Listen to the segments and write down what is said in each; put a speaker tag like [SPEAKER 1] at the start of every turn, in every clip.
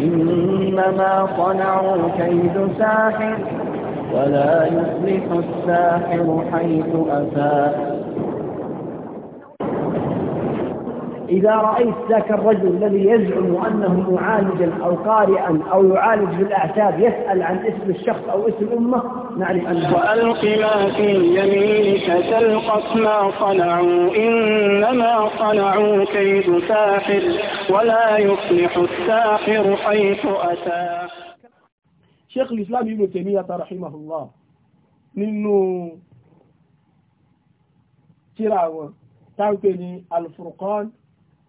[SPEAKER 1] إنما صنعوا كيد ساحر ولا يفلح الساحر حيث أتى إذا رأيت ذاك الرجل الذي يزعم أنه معالجا أو قارئا أو يعالج بالأعتاب يسأل عن اسم الشخص أو اسم أمه نعرف أنه وألق ما في يمينك تلقف ما صنعوا إنما صنعوا كيد ساحر ولا يفلح الساحر حيث أتى شيخ الإسلام ابن تيمية رحمه الله منه تراوه táwípé الفرقان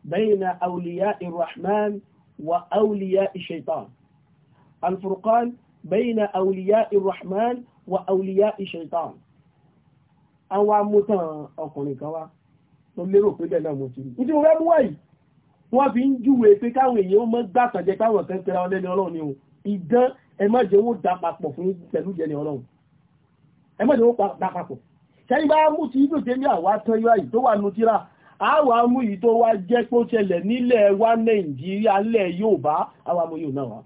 [SPEAKER 1] بين أولياء الرحمن وأولياء الشيطان الفرقان بين أولياء الرحمن وأولياء الشيطان àwọn amútàn ọkùnrin kan pé bẹ́ẹ̀ náà mo ti tí mo fẹ́ mú wáyìí wọ́n fi ń júwe pé káwọn èèyàn mọ́ gbàtànjẹ káwọn kan tẹ́ra ọlẹ́ni ọlọ́run ni o ìdán ẹmọ́jẹ́ wọ́n dá papọ̀ fún pẹ̀lú jẹ́ni ọlọ́run ẹmọ́jẹ́ wọ́n dá papọ̀ àwa mú yìí tó wá jẹ́ pé ó nílẹ̀ wa nàìjíríà lẹ̀ Yorùbá àwa mú yìí náà wá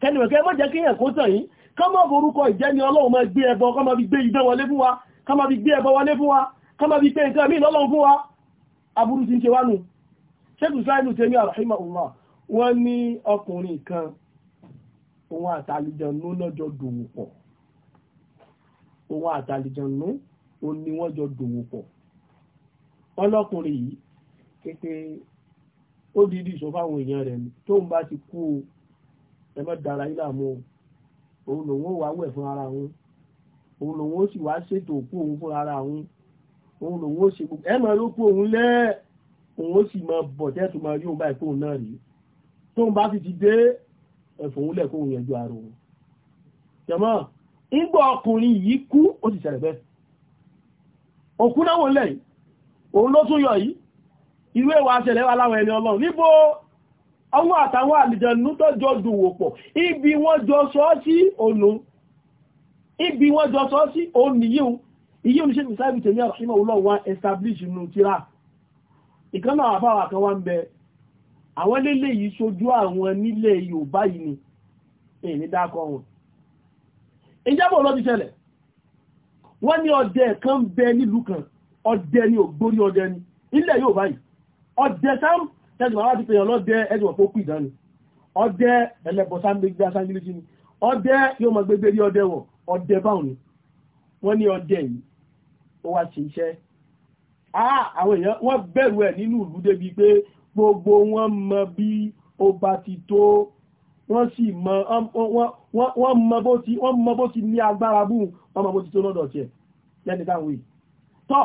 [SPEAKER 1] kẹ́nìwẹ̀kẹ́ mọ́ jẹ́ kíyàn kó tàn yín ká má forúkọ ìjẹ́ni ọlọ́run máa gbé ẹbọ ká má fi gbé idán wọlé fún wa ká má fi gbé ẹbọ wọlé fún wa ká má fi gbé nǹkan míì lọ́lọ́run fún wa aburú ti ń ṣe wá nù ṣẹ́kù ni wọ́n jọ dòwò wọ́n lọ́kùnrin yìí kété ó dídí ìṣọ́ fáwọn èèyàn rẹ̀ tó ń bá ti kú o ẹ má dára yín láàmú o òun lòun ó wá wẹ̀ fún ara òun òun lòun ó sì wá ṣètò òkú òun fún ara òun òun lòun ó ṣe gbogbo ẹ máa ló òun lẹ́ òun ó sì máa bọ̀ tẹ́tù máa yóò bá ìkóhun náà rí tó ń bá sì ti dé ẹ̀fọ́ òun lẹ́kọ̀ọ́ yẹn ju ara òun jẹ̀mọ́ ìgbà ọkùnrin yìí kú ó sì ṣẹlẹ̀ bẹ́ẹ̀ òkú náà wọlé yìí òun ló tún yọ yìí ìwé wa ṣẹlẹ̀ wà láwọn ẹni ọlọ́run níbo ọwọ́ àtàwọn àlìjẹ̀nú tó jọ dùnwò pọ̀ ibi wọ́n jọ sọ sí ònú ibi wọ́n jọ sọ sí ònú yíò iye oníṣẹ́ ìsáàbì tèmi àrùsímọ̀ olóòwà establish inú tíra ìkánà àbáwà kan wá ń bẹ àwọn lélè yìí ṣojú àwọn nílẹ̀ Yorùbá yìí ni èyí dákọ wọn ìjábọ̀ lọ ti ṣẹlẹ̀ wọ́n ní ọdẹ kan bẹ nílùú kan ọdẹ ni ògbórí ọdẹ ni ilẹ̀ yóò báyìí ọdẹ sam tẹ́jùmọ̀ láti pèyàn lọ́dẹ ẹjùmọ̀ tó kù ìdáni ọdẹ ẹlẹ́bọ̀sá gbégbé asángílíjì ni ọdẹ yóò mọ gbégbé rí ọdẹ wọ̀ ọdẹ báwọn ni wọ́n ní ọdẹ yìí ó wá ṣe iṣẹ́ àwọn èèyàn wọ́n bẹ̀rù ẹ̀ nínú ìlú débi pé gbogbo wọn mọ bí ó bá ti tó wọ́n sì mọ wọ́n mọ bó ti ní agbára bú wọn mọ bó ti tó lọ́dọ̀ tiẹ̀ lẹ́ni táwọn yìí tọ́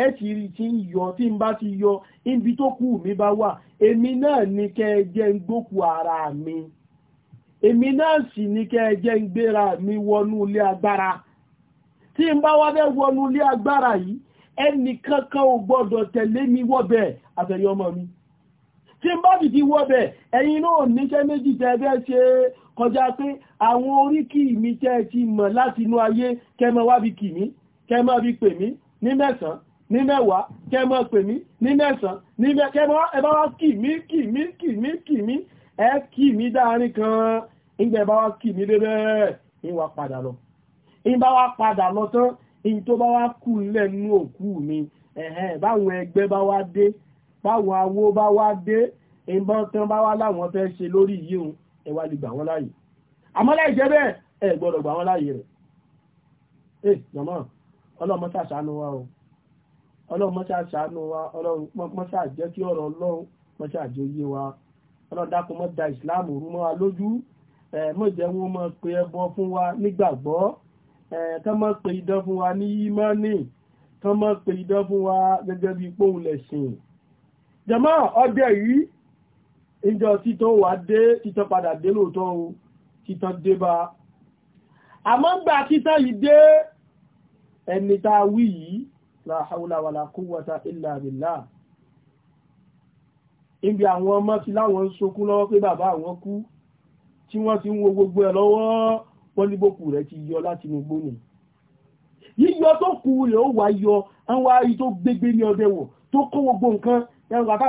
[SPEAKER 1] ẹ ti rí tí ń yọ tí ń bá ti yọ ibi tó kù mi bá wà èmi náà ní kẹ́ ẹ jẹ́ ń gbókù ara mi èmi náà sì ní kẹ́ ẹ jẹ́ ń gbéra mi wọnú ilé agbára tí ń bá wá bẹ́ wọnú ilé agbára yìí ẹnì kankan ò gbọ́dọ̀ tẹ̀lé mi wọ́bẹ̀ àfẹ̀yọ́ ọmọ mi tí ń bá dìdí wọ́bẹ̀ ẹ̀yin náà níṣẹ́ méjì tẹ́ẹ̀bẹ́ ṣe kọjá pé àwọn oríkì mi tẹ́ ti mọ̀ látinú ayé kẹ́mọ́ wá bí kì mí kẹ́mọ́ bí pè mí ní mẹ́sàn-án ní mẹ́wàá kẹmọ́ pè mí ní mẹ́sàn ní kẹmọ́ ẹbá wá kì mí kì mí kì mí kì mí ẹ kì mí dáárín kan ìgbà ẹbá wá kì mí débẹ̀ ìwà padà lọ ìbá wá padà lọ tán ìyí tó bá wá kù lẹ́nu òkú mi ẹ̀hẹ́ báwọn ẹgbẹ́ bá wá dé báwọn awó bá wá dé ìbọn tán wa ọlọ́run mọ́ṣá ṣàánú wa ọlọ́run mọ́ṣá jẹ́ kí ọ̀rọ̀ ọlọ́run mọ́ṣá jẹ́ oyé wa ọlọ́run dákun mọ́ da ìsìláàmù rú mọ́ wa lójú mọ́ jẹ́ wọn mọ́ pe ẹbọ fún wa nígbàgbọ́ kán mọ́ pe idán fún wa ní yímọ́nì kán mọ́ pe idán fún wa gẹ́gẹ́ bí pòun lẹ̀sìn. jẹ̀mọ́ ọdẹ yìí ìjọ títọ́ wà dé títọ́ padà dé lóòótọ́ o títọ́ dé bá àmọ́ gbà títọ́ yìí dé ẹni tá a wí yìí la haula wala quwwata illa billah ibi àwọn ọmọ ti láwọn ń sọkún lọ́wọ́ pé bàbá àwọn kú tí wọ́n ti ń wo gbogbo ẹ̀ lọ́wọ́ wọ́n ní bókù rẹ̀ ti yọ láti inú gbónì yíyọ tó kù rẹ̀ ó wá yọ àwọn arí tó gbégbé ní ọdẹ wọ̀ tó kó gbogbo nǹkan ẹ̀rùn bàbá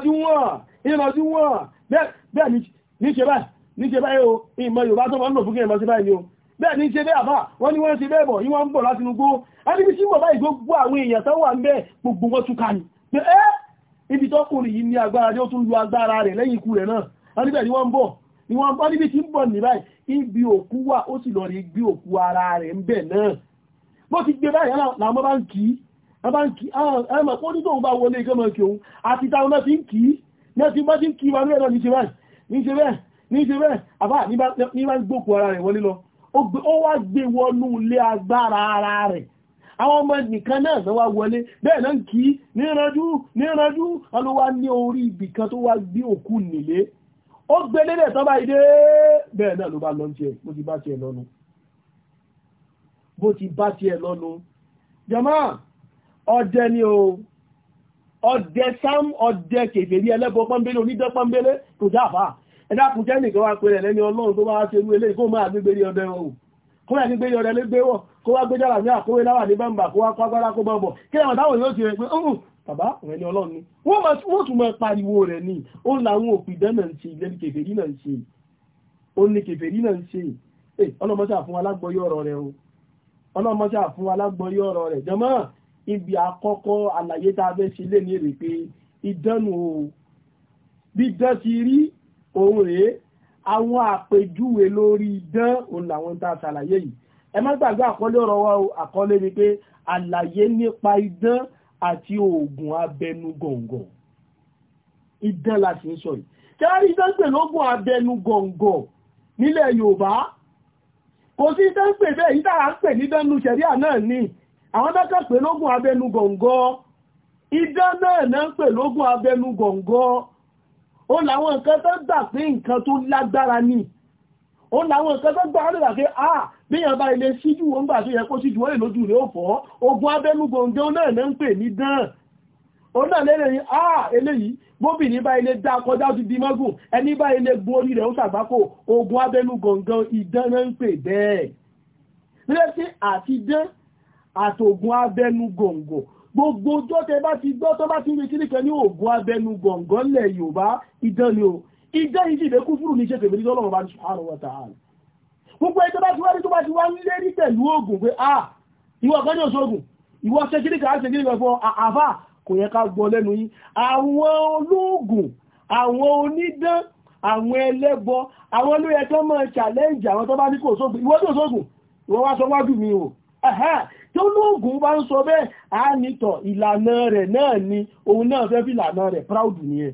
[SPEAKER 1] àwọn ìrọ̀jú wọ́n bẹ́ẹ̀ ní ṣe báyìí o ìmọ̀ Yorùbá tó wọ́n lò fún kẹrìnmọ́ báyìí o bẹ́ẹ̀ ní ṣe bẹ́ẹ̀ bá wọ́n ní wọ́n ṣe bẹ́ẹ̀ bọ̀ yí wọ́n ń bọ̀ láti nugbó i sí wọ̀bá ìgbógbó àwọn èèyàn tó wà gbogbo wọn túká ni ibi tó kùnrin yìí ni wọ́n ń bọ̀ ni wọ́n bọ́ níbi tí ń bọ̀ ní ibi òkú wà ó sì lọ rí náà ti bá ti ń kí wa lóẹ̀lọ́ ní ṣe báyìí ní ṣe bẹ́ẹ̀ ní ṣe bẹ́ẹ̀ àbá ní bá ń gbókù ara rẹ̀ wọlé lọ ó wá gbé wọnú ilé agbára ara rẹ̀ àwọn ọmọ nìkan náà sọ wá wọlé bẹ́ẹ̀ náà kí níranjú níranjú ọlọ́wà ní orí ibì kan tó wá gbé òkú nílé ó gbé lélẹ̀ tán ọdẹ ni o ọdẹ sam ọdẹ kèfèrí ẹlẹ́bọ pọ́nbélé onídọ́ pọ́nbélé kò dáàbà ẹ̀dàkùn jẹ́ nìkan wá pẹ̀rẹ̀ lẹ́ni ọlọ́run tó wá ṣe rú ilé kó máa gbégbérí ọdẹ wọn o kó máa gbégbérí ọdẹ lé gbé wọ̀ kó wá gbéjára ní àkówé láwà ní bẹ́mbà kó wá kọ́gbára kó bọ́ bọ̀ kí ẹ̀wọ̀n táwọn yóò ti rẹ̀ pé ọ̀hún bàbá rẹ̀ ni ọlọ́run ni wọ́n tún máa pariwo rẹ̀ ni ó làwọn òpìdán náà ń ṣe ilé kèfèrí náà ń ṣe ó ní kèfèrí náà ń ṣe ọlọ́mọṣà fún alágbọ́yọ̀ ọ̀rọ̀ rẹ̀ o ọlọ́mọṣà fún alágbọ́yọ̀ ọ̀rọ̀ rẹ̀ jọmọ́ ibi àkọ́kọ́ àlàyé tá a fẹ́ ṣe lé ní èrè pé ìdánù o bí dán ti rí òun rèé àwọn àpèjúwe lórí dán òun làwọn tá a yìí ẹ má gbàgbé àkọlé ọ̀rọ̀ wa àkọlé ni pé àlàyé nípa idán àti oògùn abẹnu gọ̀ǹgọ̀ idán la sì ń sọ yìí kí á rí idán pè lóògùn abẹnu gọ̀ǹgọ̀ nílẹ̀ Yorùbá kò sí idán pè bẹ́ẹ̀ yìí tá ń pè ní dánú ṣẹ̀ríà náà ni àwọn dákà pé lógún abẹnu gọ̀ǹgọ́ idán náà náà pè lógún abẹnu gọ̀ǹgọ́ ó làwọn nǹkan tó gbà pé nǹkan tó lágbára ni ó làwọn nǹkan tó gbà rẹ̀ pé à ah, bíyàn bá ilé síjú wọn gbà tó yẹ kó síjú wọn lójú rẹ̀ ó fọ́ ogun abẹnu gọ̀ǹgọ́ náà náà pè ní dán ó náà lẹ́rẹ̀ ah, di mọ́gùn ẹni bá ilé borí rẹ̀ ó ṣàgbákò ogun abẹnu gọ̀ǹgọ́ idán náà ń àtògùn abẹ́nu gọ̀ǹgọ̀ gbogbo ọjọ́ tẹ bá ti gbọ́ tó bá ti rí kíníkẹ́ ní ògùn abẹ́nu gọ̀ǹgọ̀ lẹ̀ Yorùbá idán ni o idán yìí dìde kú fúrù ní ṣe kèbèrè tọ́lọ́run bá ní subhanahu wa ta'ala gbogbo ẹjọ́ bá ti wá rí tó bá ti wá ń lérí pẹ̀lú ògùn pé a ìwọ kan ní òṣogùn ìwọ ṣe kíníkà á ṣe kíníkà fún àfà kò yẹ ká gbọ́ lẹ́nu yín àwọn olóògùn àwọn onídán àwọn ẹlẹ́bọ àwọn olóyẹ tó máa challenge àwọn tó bá ní kò sóògùn ìwọ tó sóògùn ìwọ wá sọ wájú mi o tó lóògùn bá ń sọ bẹ́ẹ̀ á nìtọ̀ ìlànà rẹ̀ náà ni òun náà fẹ́ fi ìlànà rẹ̀ proud nìyẹn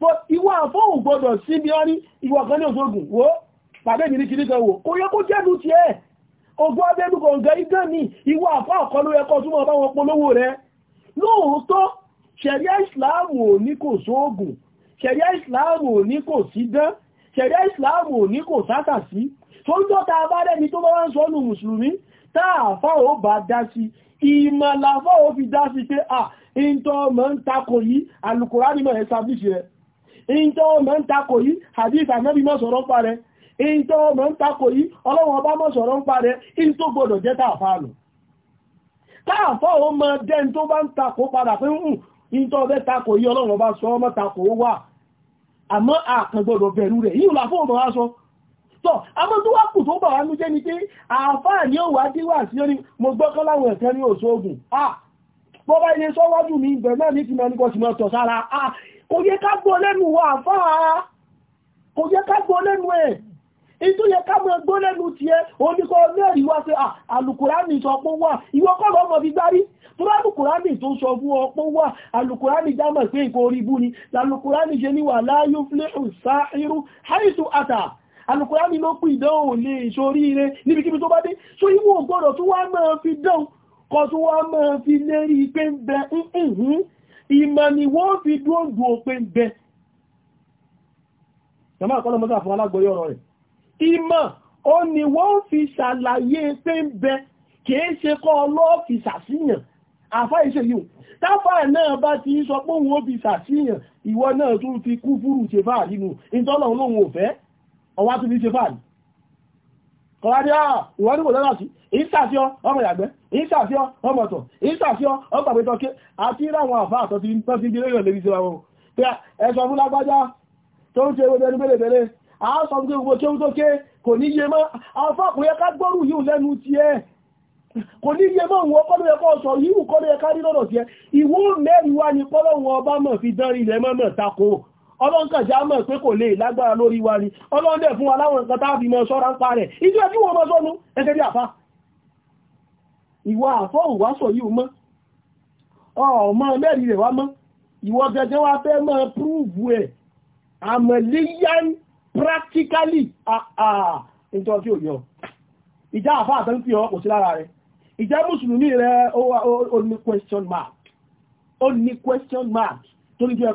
[SPEAKER 1] but ìwọ àfọ́hùn gbọdọ̀ sí bí ọ́rí ìwọ kan ní òṣogùn wo pàdé mi ní kiri kan wò kò yẹ kó jẹ́nu tiẹ̀ ogun abẹ́nu kọ̀ǹgẹ́ igán ni ìwọ àfọ́ àkọ́ ló yẹ kó túnmọ̀ bá wọn polówó rẹ̀ lóòótọ́ ṣẹ̀ríà ìsìláàmù ò ní kò sóògùn ṣẹ̀ríà ìsìláàmù ò ní kò sí dán ṣẹ̀ríà ìsìláàmù ò ní kò sátà sí tó ń jọ́ta abárẹ́ni tó bá wá ń sọ́nù mùsùlùmí táàfá ó bá dá sí ìmọ̀láfá ó fi dá sí pé à ìntọ́ mọ́ ń takò yìí Al-Kùránì mọ̀ establish rẹ̀ ìntọ́ mọ́ ń takò yìí hadith Ànábì mọ́ sọ̀rọ̀ pa rẹ̀ ìntọ́ mọ́ ń takò yìí Ọlọ́run ọba mọ́ sọ̀rọ̀ pa rẹ̀ ìntọ́ tọ́ àmọ́ tó wá kù tó bà wá nújẹ́ ni pé àáfáà ní òwà díwà sí orí mo gbọ́kọ́ láwọn ẹ̀kẹ́ ní òṣogun ah bọ́bá ilé sọ́wọ́jú mi ìbẹ̀ náà ní ti mọ̀ nípa ṣùgbọ́n tọ̀ sára ah kò yẹ ká gbọ́ lẹ́nu wa àáfáà kò yẹ ká gbọ́ lẹ́nu ẹ̀ ìtú yẹ ká mọ̀ gbọ́ lẹ́nu ti ẹ wà ìwọ alùkùránì ló pè ìdánwò lè ìṣorí ire níbikíbi tó bá dé so ìwò gbọ́dọ̀ tó wá máa fi dán kọ tó wá máa fi lérí pé ń bẹ ìmọ̀ ni wọ́n fi dúógbò pé ń bẹ ìmọ̀ ó ni wọ́n fi ṣàlàyé pé ń bẹ kìí ṣe kọ́ ọlọ́ọ̀fì ṣàṣíyàn àfá ìṣe yìí táfà náà bá ti sọ pé òun ó fi ṣàṣíyàn ìwọ náà tún fi kú fúrù ṣe fáà nínú ìtọ́lọ̀ olóhun òfẹ́ ọwá tún ní ṣe fàájì kọwàdí àà ah, ìwọ́n ní mọ̀lọ́nà sí ìsàfíọ́ ọmọ ìyàgbẹ́ ìsàfíọ́ ọmọ ọ̀tọ̀ ìsàfíọ́ ọmọ àpẹtọ́kẹ́ àti ìràwọn àfá àtọ́ ti ń tọ́ sí ilé ìrọ̀lẹ́ ìṣẹ́ wọn pé ẹ̀sọ̀ fún lágbájá tó ń ṣe ewé ẹni bẹ́lẹ̀bẹ̀lẹ̀ àásọ̀ fún gbogbo kéwú tó ké kò ní yé mọ́ àfá kò yẹ ká gbọ́rù yìí lẹ́nu ti ẹ kò ní yé mọ́ ìwọ kọ́ ló yẹ kọ́ sọ yìí kọ́ ló yẹ ká rí lọ́dọ̀ ti ẹ ìwọ mẹ́rin wá ní pọ́lọ́wọ́ ọba mọ̀ fi dánrin ilẹ̀ mọ́mọ̀ ọlọ́nkàn já mọ̀ pé kò lè lágbára lórí wa ni ọlọ́ndẹ̀ fún wa láwọn nǹkan táàbí mọ́ sọ́ra ń pa rẹ̀ ìjú ẹjú wọn mọ́ sọ́nu ẹgẹ́ bí àfá ìwà àfọ́ wá mọ́ ìwọ gẹ́gẹ́ mọ́ prúùbù ẹ̀ àmọ̀lẹ́yàn practically ìjọ tí ò yọ ìjà àfá àtẹ́ntì ọ kò sí lára rẹ̀ ìjà mùsùlùmí rẹ̀ ó question mark ó question mark tó ní jẹ́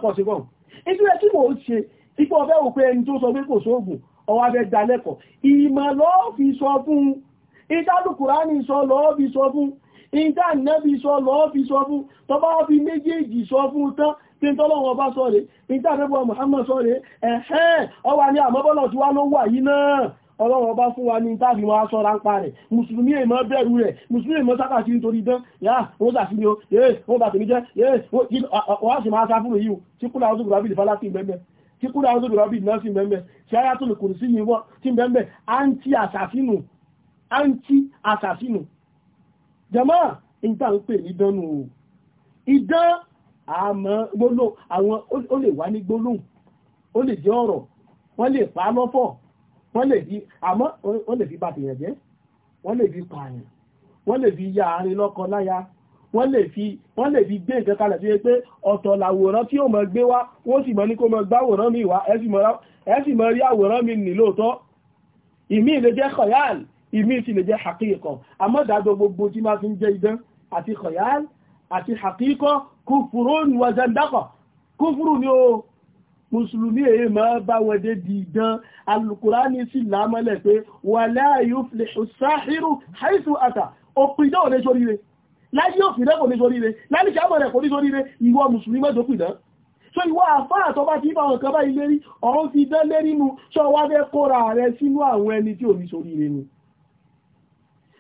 [SPEAKER 1] ìṣẹ́ tí mò ń ṣe ipò ọ̀fẹ́ òpé ẹni tó sọ pé kò sóògùn ọwọ́ abẹ́ dalẹ́kọ̀ ìmọ̀ lọ́ọ́ fi sọ fún ìtàlùkùránì sọ lọ́ọ́ fi sọ fún ìdá nẹ́bí sọ lọ́ọ́ fi sọ fún tọba fi méjèèjì sọ fún tán tí tọ́lọ́wọ́ bá sọ rẹ̀ ìdá nẹ́bọ̀ sọ rẹ̀ ẹ̀hẹ́ ọwà ní àmọ́bọ́lọ̀ tí wá ló wà ọlọ́wọ́ bá fún wa ní tàbí wọn aṣọ ráńpa rẹ̀ mùsùlùmí èmọ́ bẹ̀rù rẹ̀ mùsùlùmí èmọ́ sábà sí nítorí dán yáà wọ́n sàfí ni ó yéè wọ́n bàtẹ̀ mi jẹ́ yéè wọ́n sì máa sá fún èyí tí kúlà ọdún rọ́bì lè fálásí mẹ́mẹ́ tí kúlà ọdún rọ́bì náà sí mẹ́mẹ́ tí ara tó lè kùrù sí ni wọ́n tí mẹ́mẹ́ àǹtí àṣàfínù àǹtí àṣàfínù jama ìta ń pè ìdánù o ìdán àmọ́ gbólóhùn àwọn ó lè wá ní gbólóhùn ó lè jẹ́ ọ̀rọ̀ wọ́n lè pa lọ́fọ̀ọ́ wọ́n lè fi àmọ́ wọ́n lè fi bá tèèyàn jẹ́ wọ́n lè fi pààyàn wọ́n lè fi ya àárín lọ́kọ láya wọ́n lè fi wọ́n lè fi gbé nǹkan kalẹ̀ sí pé ọ̀tọ̀ làwòrán tí ó mọ̀ gbé wá wọ́n sì mọ̀ ní kó mọ̀ gbáwòrán mi wá ẹ sì mọ̀ rí àwòrán mi nì lóòótọ́ ìmí lè jẹ́ kọ̀yáàl ìmí sì lè jẹ́ hàkíkọ̀ àmọ́ dájọ́ gbogbo tí máa fi ń jẹ́ idán àti kọ̀yáàl àti hàkíkọ̀ kúfùrún wàzẹ̀ndákọ̀ kúfùrún ni ó mùsùlùmí èyí máa bá wọn dé di ìdán alukurani sì lámọ́lẹ̀ pé wala yuflihu sáhírù haythu ata òpin náà lè sórí rẹ̀ láyé òfin náà kò ní sórí rẹ̀ láyé ìṣàmọ̀ rẹ̀ kò ní sórí rẹ̀ ìwọ mùsùlùmí mẹ́jọ pì náà so ìwọ àfáà tó bá ti bá wọn kan báyìí lérí ọ̀run ti dán lérí nu sọ wá fẹ́ kóra rẹ sínú àwọn ẹni tí ò ní sórí rẹ̀ nu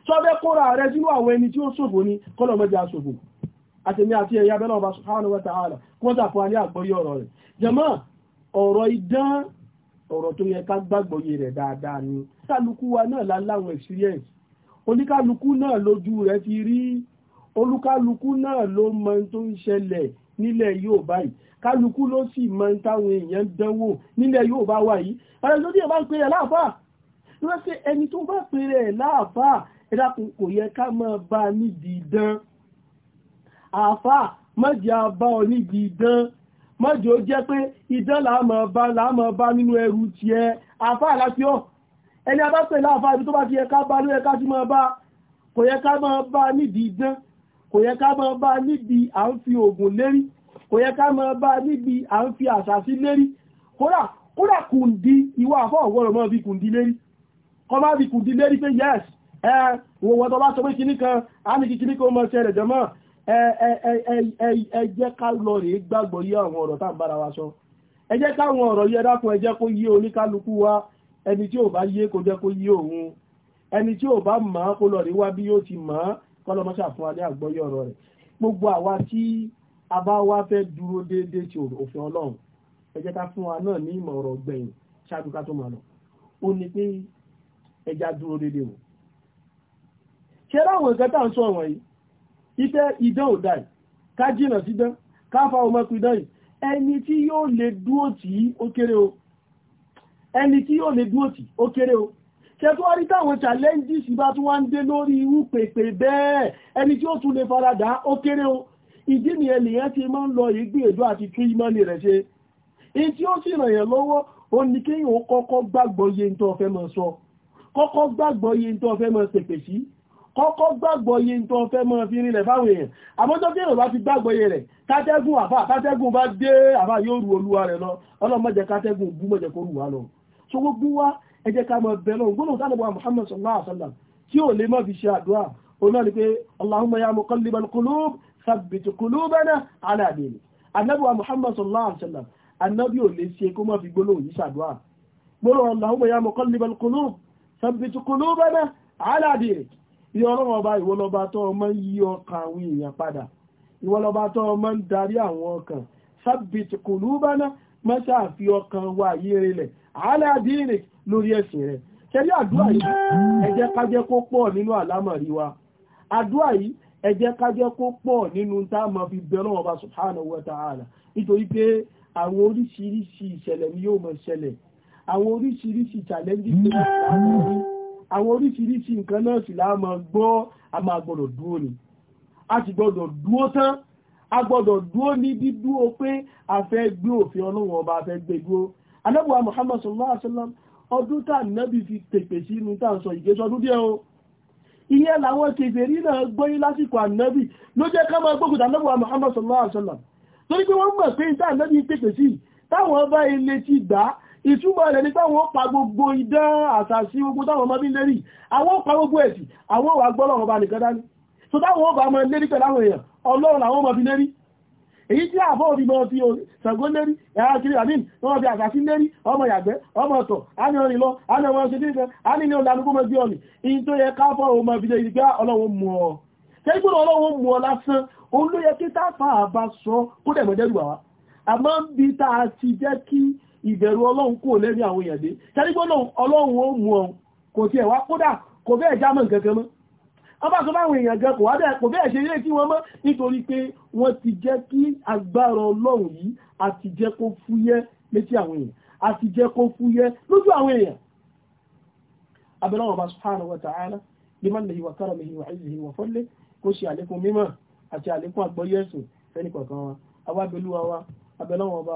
[SPEAKER 1] sọ fẹ́ kóra rẹ sínú àwọn ẹni tí ó ṣòfò ni kọ́lọ̀mọ́jà ṣòfò àtẹ̀mí àti ẹ̀yà bẹ́lọ́ọ̀bá subhanahu wa ta'ala kó sàfọ́ ní ọ̀rọ̀ idán ọ̀rọ̀ tó yẹ ká gbàgbọ́yé rẹ̀ dáadáa ni kálukú wa náà láláwọn experience oníkálukú náà lójú rẹ̀ ti rí olúkálukú náà ló mọ tó ń ṣẹlẹ̀ nílẹ̀ Yorùbá yìí kálukú ló sì mọ táwọn èèyàn dánwò nílẹ̀ Yorùbá wa yìí ẹ̀rọ lórí ẹ̀ bá ń pè rẹ̀ láàfáà ló ẹni tó bá pè láàfáà ẹ̀dá kò yẹ ká máa bá nídìí dán àáfáà má jẹ́ ọ nídìí dán mọ́jì ó jẹ́ pé idán láàmọ̀ bá nínú ẹrù ti ẹ àfá àláfíọ́ ẹni abápẹ̀ láàfá ibi tó bá ti ẹka bá ló ẹka sí mọ́ bá kò yẹ ká mọ́ bá níbi idán kò yẹ ká mọ́ bá níbi à ń fi oògùn lérí kò yẹ ká mọ́ bá níbi à ń fi àṣàsí lérí kódà kódà kùndí ìwà àfọ́ ọ̀wọ́rọ̀ mọ́ fi kùndí lérí kọ́ má fi kùndí lérí pé yes ẹ wọ́n tó bá sọ pé kìnnìkan á ní kìnnìkan mọ́ ṣẹlẹ̀ jọmọ́ ẹ jẹ́ ká lọ rèé gbàgbọ́ yé àwọn ọ̀rọ̀ tá à ń bára wa sọ ẹ jẹ́ káwọn ọ̀rọ̀ yẹ dákun ẹ jẹ́ kó yé oníkálukú wa ẹni tí ò bá yé kó jẹ́ kó yé òun ẹni tí ò bá mọ̀ ọ́ kó lọ rí wá bí yóò ti mọ̀ ọ́ kọ́lọ́mọ́sà fún wa àgbọ́yé ọ̀rọ̀ rẹ̀ gbogbo àwa tí a bá wá fẹ́ dúró déédéé ti òfin ọlọ́run ẹ ká fún ìtẹ́ ìdán ò dáì ká jìnà sí dán ká fa ọmọ ẹkù ìdán yìí ẹni tí yóò lè dúó tí ó kéré o ẹni tí yóò lè dúó tí ó kéré o ṣẹ́tọ́ rí táwọn challenges bá tún wá ń dé lórí irú pèpè bẹ́ẹ̀ ẹni tí ó tún lè faradà ó kéré o ìdí ni ẹnìyàn ti máa ń lọ ìgbìyànjú àti tún ìmọ̀ni rẹ̀ ṣe èyí tí ó sì ràn yẹn lọ́wọ́ ó ní kéèyàn kọ́kọ́ gbàgbọ́ yẹn tó fẹ́ mọ̀ sọ kọ́kọ́ gbàgbọ́ yẹn tó fẹ́ mọ̀ pèpè sí kọ́kọ́ gbàgbọ́ yìí tó fẹ́ mọ́ fi rinlẹ̀ fáwọn èèyàn àmọ́jọ́ tí èrò bá ti gbàgbọ́ yìí rẹ̀ kátẹ́gùn àfà kátẹ́gùn bá dé àfà yóò ru olúwa rẹ̀ lọ ọlọ́mọjẹ kátẹ́gùn bú mọ́jẹ kó rù wá lọ so gbogbo wa ẹ jẹ́ ká mọ̀ bẹ̀ lọ gbọ́nà sálẹ̀bọ̀ Muhammad sallallahu alaihi wasallam tí ò lè mọ́ fi ṣe àdúrà ọ̀nà ni pé Allahumma ya muqallibal qulub thabbit qulubana ala dinik Ànábì wa Muhammad sallallahu alaihi wasallam Ànábì ò ìyọ́ ọlọ́wọ́ bá ìwọ́lọ́ba tó ọmọ yí ọkàn àwọn èèyàn padà ìwọ́lọ́ba tó ọmọ ń darí àwọn ọkàn sábìt kùlúbánà mọ́ṣá fi ọkàn wa yìí rinlẹ̀ àálẹ́ àdínrìn lórí ẹ̀sìn rẹ̀ ṣẹ́rí àdúrà yìí ẹ jẹ́ ká jẹ́ kó pọ̀ nínú àlámọ̀rí wa àdúrà yìí ẹ jẹ́ kó pọ̀ nínú tá a máa fi bẹ̀rẹ̀ ọba àwọn oríṣiríṣi nǹkan náà sì láà máa gbọ́ a máa gbọ́dọ̀ dúó ni a sì gbọ́dọ̀ dúó tán a gbọ́dọ̀ dúó ní dídúó pé a fẹ́ gbé òfin ọlọ́wọ̀n ọba a fẹ́ gbé dúó anábùwà Muhammad sallallahu alaihi wasallam ọdún tá nábì fi pèpè sí inú tá à ń sọ ìgbésọ ọdún díẹ̀ o ìyẹn làwọn náà gbọ́yí lásìkò ànábì Muhammad sallallahu alaihi wasallam torí pé wọ́n mọ̀ pé tá nábì pèpè sí táwọn ìtumọ̀ rẹ̀ ní táwọn ó pa gbogbo idán àsàsí ogun táwọn ọmọ bí lérí àwọn ó pa gbogbo ẹ̀sì àwọn ò wà gbọ́lọ̀wọ̀ bá nìkan dání so táwọn ó bá mọ lérí pẹ̀lú àwọn èèyàn ọlọ́run làwọn ọmọ bí lérí èyí tí àfọ́ òbí mọ́ ti ṣàgbó lérí ẹ̀yà kiri àmì wọ́n fi àsàsí lérí ọmọ ìyàgbẹ́ ọmọ ọ̀tọ̀ àní orin lọ àní ọmọ ṣe dínkẹ àní ní ọ̀lànà gómọ sí ọ̀nì ìyí tó yẹ káfọ́ ọmọ ìbílẹ̀ ìdígbà ọlọ́run mú ọ tẹ́gbọ́n ọlọ́run mú ọ lásán olóyẹ kí táfà bá sọ kó dẹ̀mọ́dẹ́rù àwa àmọ́ bí tá a ti jẹ́ kí ìbẹ̀rù ọlọ́run kò lẹ́rí àwọn èèyàn dé tẹ́lẹ́gbẹ́ ọlọ́run ó mú ọun kò tí ẹ̀wà kódà kò bẹ́ẹ̀ já mọ́ nǹkan kan mọ́ ọba tó báwọn èèyàn gan kò bẹ́ẹ̀ ṣe ilé kí wọ́n mọ́ nítorí pé wọ́n ti jẹ́ kí agbára ọlọ́run yìí àti jẹ́ kó fúyẹ́ létí àwọn èèyàn àti jẹ́ kó fúyẹ́ lójú àwọn èèyàn abẹ́lẹ́ wọn bá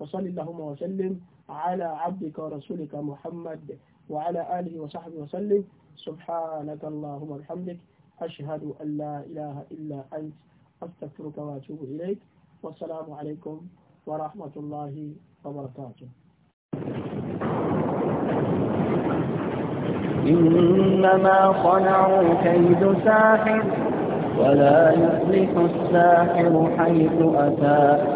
[SPEAKER 1] وصل اللهم وسلم على عبدك ورسولك محمد وعلى آله وصحبه وسلم سبحانك اللهم وبحمدك أشهد أن لا إله إلا أنت أستغفرك وأتوب إليك والسلام عليكم ورحمة الله وبركاته إنما صنعوا كيد ساحر ولا يفلح الساحر حيث أتى